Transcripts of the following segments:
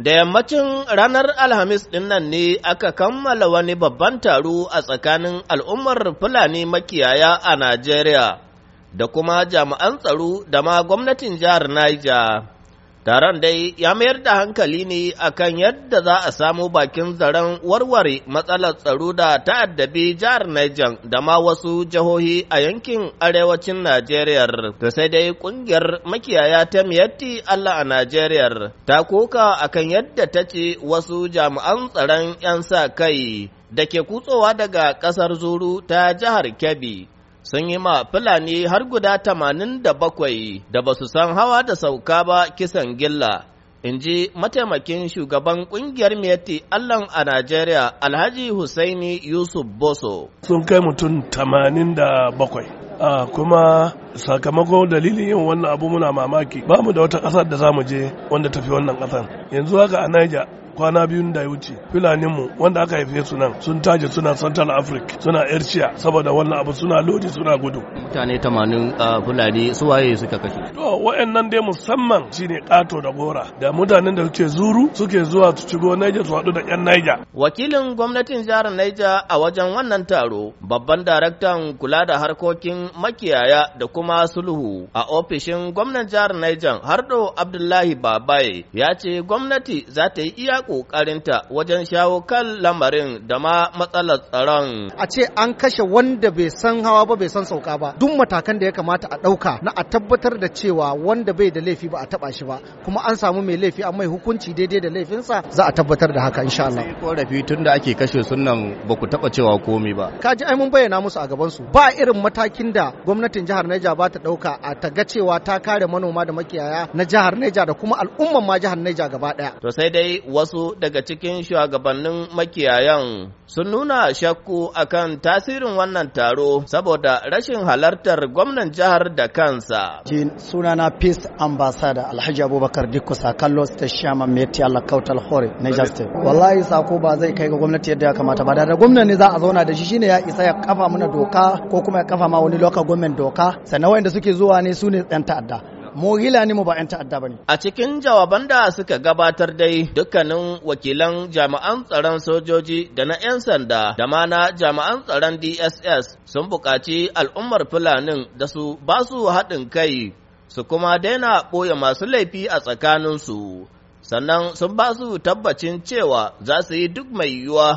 Da yammacin ranar Alhamis ɗin nan ne aka kammala wani babban taro a tsakanin al'ummar Fulani makiyaya a Najeriya da kuma jami'an tsaro da ma gwamnatin jihar Niger. Taron dai ya mayar da hankali ne a kan yadda za a samu bakin zaren warware matsalar tsaro da ta'addabi jihar Niger da ma wasu jihohi a yankin arewacin Najeriya. Da sai dai kungiyar makiyaya ta miyatti Allah a Najeriya ta koka kan yadda ta ce wasu jami'an tsaron 'yan sa kai da ke kutsowa daga ƙasar Zuru ta jihar Kebbi sun yi ma Fulani har guda tamanin da bakwai da ba su san hawa da sauka ba kisan gilla, in ji mataimakin shugaban ƙungiyar Meti Allahn a Najeriya Alhaji Hussaini Yusuf Boso. Sun kai mutum tamanin da bakwai. Uh, kuma sakamakon dalilin yin wannan abu muna mamaki ba mu da wata ƙasar da za mu je wanda tafi wannan ƙasar yanzu haka a Niger kwana biyun da ya wuce filaninmu wanda aka haife su nan sun taje suna central africa suna erciya saboda wannan abu suna lodi suna gudu mutane tamanin fulani su waye suka kashe to wayannan dai musamman shine kato da gora da mutanen da suke zuru suke zuwa su shigo Niger su hadu da yan Niger wakilin gwamnatin jihar Niger a wajen wannan taro babban daraktan kula da harkokin makiyaya da kuma sulhu a ofishin gwamnan jihar Niger Hardo Abdullahi Babaye ya ce gwamnati za ta yi iya ƙoƙarinta wajen shawo kan lamarin da ma matsalar tsaron. A ce an kashe wanda bai san hawa ba bai san sauka ba duk matakan da ya kamata a ɗauka na a tabbatar da cewa wanda bai da laifi ba a taɓa shi ba kuma an samu mai laifi an mai hukunci daidai da laifinsa za a tabbatar da haka insha Allah. Sai korafi tun da ake kashe sunan ba ku taɓa cewa komai ba. Ka ji ai mun bayyana musu a gaban su ba irin matakin da gwamnatin jihar Neja ba ta ɗauka a ta ga cewa ta kare manoma da makiyaya na jihar Neja da kuma al'umman ma jihar Neja gaba ɗaya. To sai dai wasu wasu daga cikin shugabannin makiyayan sun nuna shakku akan tasirin wannan taro saboda rashin halartar gwamnan jihar da kansa. sunana Peace Ambassador Alhaji Abubakar Dikko Sakallo State Chairman Meti Allah Kautal Hore Niger State. Wallahi sako ba zai kai ga gwamnati yadda ya kamata ba da gwamnan ne za a zauna da shi shine ya isa ya kafa mana doka ko kuma ya kafa ma wani local government doka sannan wanda suke zuwa ne su ne 'yan ta'adda. muhila ne mu ba 'yan ta'adda ba ne. A cikin jawaban da suka gabatar dai dukkanin wakilan jami'an tsaron sojoji da na 'yan sanda da ma na jami'an tsaron DSS sun buƙaci al'ummar Fulanin da su ba su haɗin kai su kuma daina ɓoye masu laifi a tsakaninsu. Sannan sun ba su tabbacin cewa za su yi duk mai yiwuwa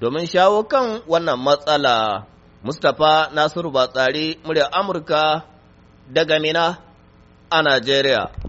domin shawo kan wannan matsala. Mustapha Nasiru Batsari, murya Amurka, daga Mina. a Nigeria.